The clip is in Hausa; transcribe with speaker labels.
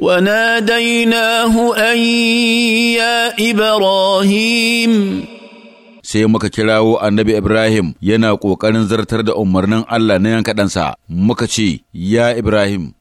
Speaker 1: وناديناه أن يا إبراهيم
Speaker 2: sai muka kirawo annabi Ibrahim yana ƙoƙarin zartar da umarnin Allah na yanka ɗansa, muka ce, Ya Ibrahim,